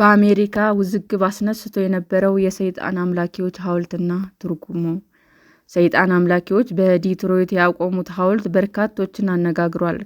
በአሜሪካ ውዝግብ አስነስቶ የነበረው የሰይጣን አምላኪዎች ሐውልትና ትርጉሙ። ሰይጣን አምላኪዎች በዲትሮይት ያቆሙት ሐውልት በርካቶችን አነጋግሯል።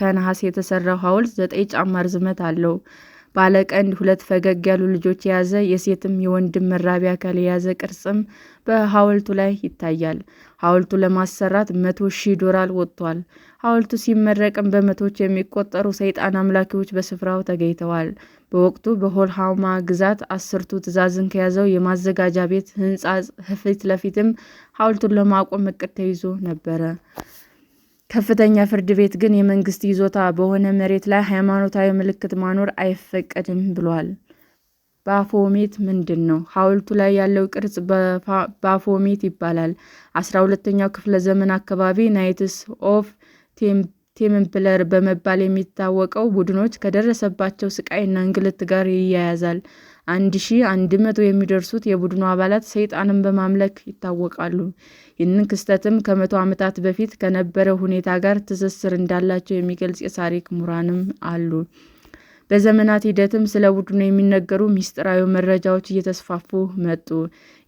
ከነሐስ የተሠራው ሐውልት ዘጠኝ ጫማ ርዝመት አለው። ባለቀንድ ሁለት ፈገግ ያሉ ልጆች የያዘ የሴትም የወንድም መራቢ አካል የያዘ ቅርጽም በሐውልቱ ላይ ይታያል። ሐውልቱ ለማሰራት መቶ ሺህ ዶላር ወጥቷል። ሐውልቱ ሲመረቅም በመቶዎች የሚቆጠሩ ሰይጣን አምላኪዎች በስፍራው ተገኝተዋል። በወቅቱ በኦክላሆማ ግዛት አስርቱ ትእዛዝን ከያዘው የማዘጋጃ ቤት ህንፃ ፊት ለፊትም ሐውልቱን ለማቆም እቅድ ተይዞ ነበረ። ከፍተኛ ፍርድ ቤት ግን የመንግስት ይዞታ በሆነ መሬት ላይ ሃይማኖታዊ ምልክት ማኖር አይፈቀድም ብሏል። ባፎሜት ምንድን ነው? ሐውልቱ ላይ ያለው ቅርጽ ባፎሜት ይባላል። አስራ ሁለተኛው ክፍለ ዘመን አካባቢ ናይትስ ኦፍ ቴምፕለር በመባል የሚታወቀው ቡድኖች ከደረሰባቸው ስቃይና እንግልት ጋር ይያያዛል። አንድ ሺህ አንድ መቶ የሚደርሱት የቡድኑ አባላት ሰይጣንን በማምለክ ይታወቃሉ። ይህንን ክስተትም ከመቶ ዓመታት በፊት ከነበረ ሁኔታ ጋር ትስስር እንዳላቸው የሚገልጽ የታሪክ ምሁራንም አሉ። በዘመናት ሂደትም ስለ ቡድኑ የሚነገሩ ምስጢራዊ መረጃዎች እየተስፋፉ መጡ።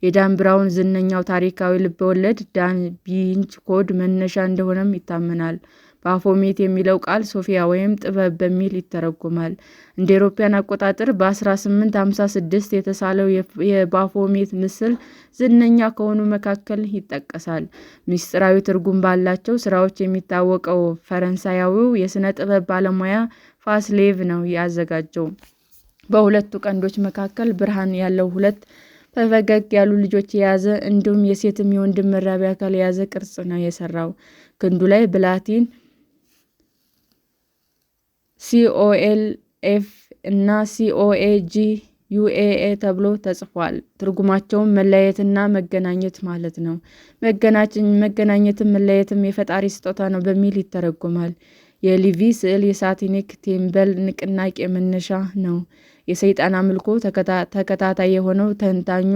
የዳን ብራውን ዝነኛው ታሪካዊ ልበወለድ ዳን ቪንቺ ኮድ መነሻ እንደሆነም ይታመናል። ባፎሜት የሚለው ቃል ሶፊያ ወይም ጥበብ በሚል ይተረጎማል። እንደ አውሮፓውያን አቆጣጠር በ1856 የተሳለው የባፎሜት ምስል ዝነኛ ከሆኑ መካከል ይጠቀሳል። ምስጢራዊ ትርጉም ባላቸው ስራዎች የሚታወቀው ፈረንሳያዊው የሥነ ጥበብ ባለሙያ ፋስሌቭ ነው ያዘጋጀው። በሁለቱ ቀንዶች መካከል ብርሃን ያለው ሁለት ፈገግ ያሉ ልጆች የያዘ እንዲሁም የሴትም የወንድም መራቢያ አካል የያዘ ቅርጽ ነው የሰራው። ክንዱ ላይ ብላቲን ሲኦኤል እና ሲኦኤ ዩኤኤ ተብሎ ተጽፏል። ትርጉማቸውም መለያየትና መገናኘት ማለት ነው። መገናኘትም መለያየትም የፈጣሪ ስጦታ ነው በሚል ይተረጎማል። የሊቪ ስዕል የሳቲኒክ ቴምበል ንቅናቄ መነሻ ነው። የሰይጣን አምልኮ ተከታታይ የሆነው ተንታኙ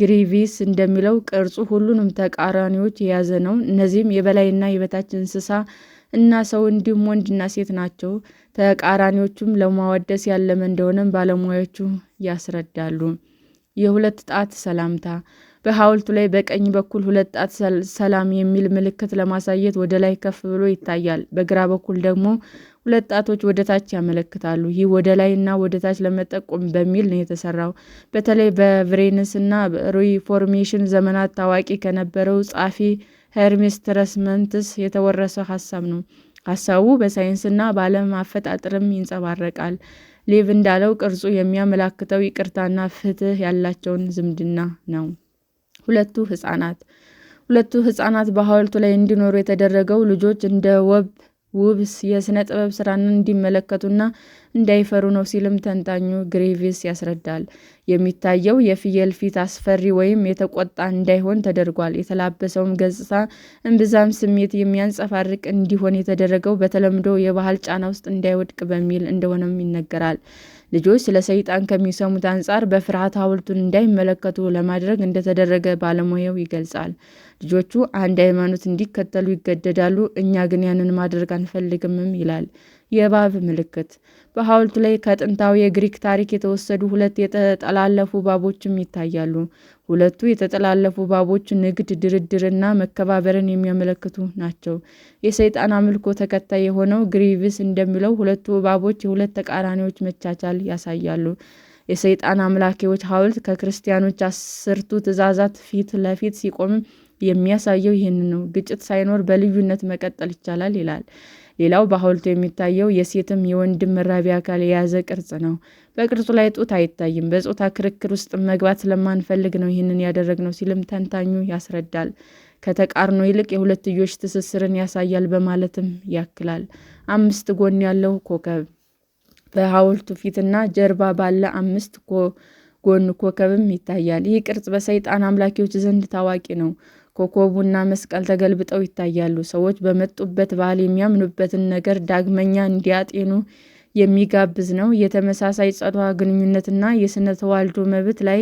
ግሪቪስ እንደሚለው ቅርጹ ሁሉንም ተቃራኒዎች የያዘ ነው። እነዚህም የበላይና የበታች እንስሳ እና ሰው እንዲሁም ወንድና ሴት ናቸው። ተቃራኒዎቹም ለማወደስ ያለመ እንደሆነም ባለሙያዎቹ ያስረዳሉ። የሁለት ጣት ሰላምታ በሐውልቱ ላይ በቀኝ በኩል ሁለት ጣት ሰላም የሚል ምልክት ለማሳየት ወደ ላይ ከፍ ብሎ ይታያል። በግራ በኩል ደግሞ ሁለት ጣቶች ወደ ታች ያመለክታሉ። ይህ ወደ ላይ እና ወደ ታች ለመጠቆም በሚል ነው የተሰራው። በተለይ በቬኔስ እና ሪፎርሜሽን ዘመናት ታዋቂ ከነበረው ጻፊ ከእርሜስ ትረስመንትስ የተወረሰ ሀሳብ ነው። ሀሳቡ በሳይንስና በዓለም አፈጣጠርም ይንጸባረቃል። ሌቭ እንዳለው ቅርጹ የሚያመላክተው ይቅርታና ፍትህ ያላቸውን ዝምድና ነው። ሁለቱ ህጻናት ሁለቱ ህጻናት በሐውልቱ ላይ እንዲኖሩ የተደረገው ልጆች እንደ ወብ ውብ የሥነ ጥበብ ሥራን እንዲመለከቱና እንዳይፈሩ ነው ሲልም ተንታኙ ግሬቪስ ያስረዳል። የሚታየው የፍየል ፊት አስፈሪ ወይም የተቆጣ እንዳይሆን ተደርጓል። የተላበሰውም ገጽታ እምብዛም ስሜት የሚያንጸባርቅ እንዲሆን የተደረገው በተለምዶ የባህል ጫና ውስጥ እንዳይወድቅ በሚል እንደሆነም ይነገራል። ልጆች ስለ ሰይጣን ከሚሰሙት አንጻር በፍርሃት ሐውልቱን እንዳይመለከቱ ለማድረግ እንደተደረገ ባለሙያው ይገልጻል። ልጆቹ አንድ ሃይማኖት እንዲከተሉ ይገደዳሉ። እኛ ግን ያንን ማድረግ አንፈልግምም ይላል የእባብ ምልክት። በሐውልቱ ላይ ከጥንታዊ የግሪክ ታሪክ የተወሰዱ ሁለት የተጠላለፉ እባቦችም ይታያሉ። ሁለቱ የተጠላለፉ እባቦች ንግድ፣ ድርድርና መከባበርን የሚያመለክቱ ናቸው። የሰይጣን አምልኮ ተከታይ የሆነው ግሪቪስ እንደሚለው ሁለቱ እባቦች የሁለት ተቃራኒዎች መቻቻል ያሳያሉ። የሰይጣን አምላኪዎች ሐውልት ከክርስቲያኖች አስርቱ ትእዛዛት ፊት ለፊት ሲቆም የሚያሳየው ይህን ነው። ግጭት ሳይኖር በልዩነት መቀጠል ይቻላል ይላል። ሌላው በሐውልቱ የሚታየው የሴትም የወንድም መራቢያ አካል የያዘ ቅርጽ ነው። በቅርጹ ላይ ጡት አይታይም። በጾታ ክርክር ውስጥ መግባት ስለማንፈልግ ነው ይህንን ያደረግነው ሲልም ተንታኙ ያስረዳል። ከተቃርኖ ይልቅ የሁለትዮሽ ትስስርን ያሳያል በማለትም ያክላል። አምስት ጎን ያለው ኮከብ በሐውልቱ ፊትና ጀርባ ባለ አምስት ጎን ኮከብም ይታያል። ይህ ቅርጽ በሰይጣን አምላኪዎች ዘንድ ታዋቂ ነው። ኮከቡና መስቀል ተገልብጠው ይታያሉ። ሰዎች በመጡበት ባህል የሚያምኑበትን ነገር ዳግመኛ እንዲያጤኑ የሚጋብዝ ነው። የተመሳሳይ ፆታ ግንኙነትና የሥነ ተዋልዶ መብት ላይ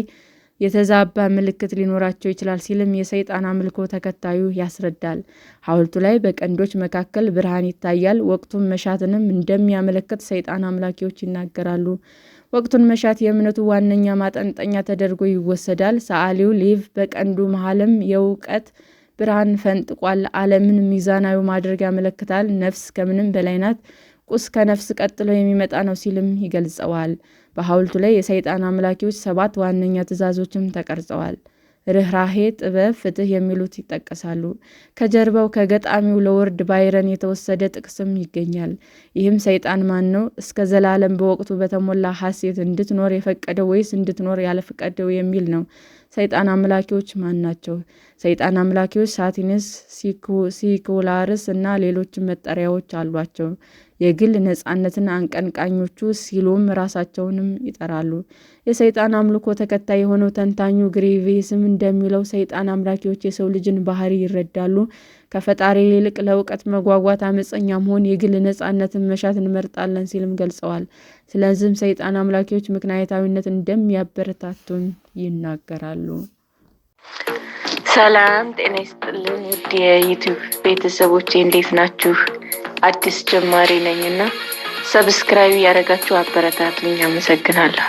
የተዛባ ምልክት ሊኖራቸው ይችላል ሲልም የሰይጣን አምልኮ ተከታዩ ያስረዳል። ሐውልቱ ላይ በቀንዶች መካከል ብርሃን ይታያል። ወቅቱን መሻትንም እንደሚያመለክት ሰይጣን አምላኪዎች ይናገራሉ። ወቅቱን መሻት የእምነቱ ዋነኛ ማጠንጠኛ ተደርጎ ይወሰዳል። ሰዓሊው ሊቭ በቀንዱ መሃልም የእውቀት ብርሃን ፈንጥቋል። ዓለምን ሚዛናዊ ማድረግ ያመለክታል። ነፍስ ከምንም በላይ ናት። ቁስ ከነፍስ ቀጥሎ የሚመጣ ነው ሲልም ይገልጸዋል። በሐውልቱ ላይ የሰይጣን አምላኪዎች ሰባት ዋነኛ ትእዛዞችም ተቀርጸዋል። ርኅራሄ፣ ጥበብ፣ ፍትሕ የሚሉት ይጠቀሳሉ። ከጀርባው ከገጣሚው ሎርድ ባይረን የተወሰደ ጥቅስም ይገኛል። ይህም ሰይጣን ማን ነው? እስከ ዘላለም በወቅቱ በተሞላ ሐሴት እንድትኖር የፈቀደው ወይስ እንድትኖር ያልፈቀደው የሚል ነው። ሰይጣን አምላኪዎች ማን ናቸው? ሰይጣን አምላኪዎች ሳቲንስ፣ ሲኩላርስ እና ሌሎችም መጠሪያዎች አሏቸው። የግል ነጻነትን አቀንቃኞቹ ሲሉም ራሳቸውንም ይጠራሉ። የሰይጣን አምልኮ ተከታይ የሆነው ተንታኙ ግሬቬስም እንደሚለው ሰይጣን አምላኪዎች የሰው ልጅን ባህሪ ይረዳሉ ከፈጣሪ ይልቅ ለእውቀት መጓጓት፣ አመፀኛ መሆን፣ የግል ነፃነትን መሻት እንመርጣለን ሲልም ገልጸዋል። ስለዚህም ሰይጣን አምላኪዎች ምክንያታዊነት እንደሚያበረታቱን ይናገራሉ። ሰላም ጤና ይስጥልን ውድ የዩቲዩብ ቤተሰቦች እንዴት ናችሁ? አዲስ ጀማሪ ነኝ እና ሰብስክራይብ ያደረጋችሁ አበረታቱኝ። አመሰግናለሁ።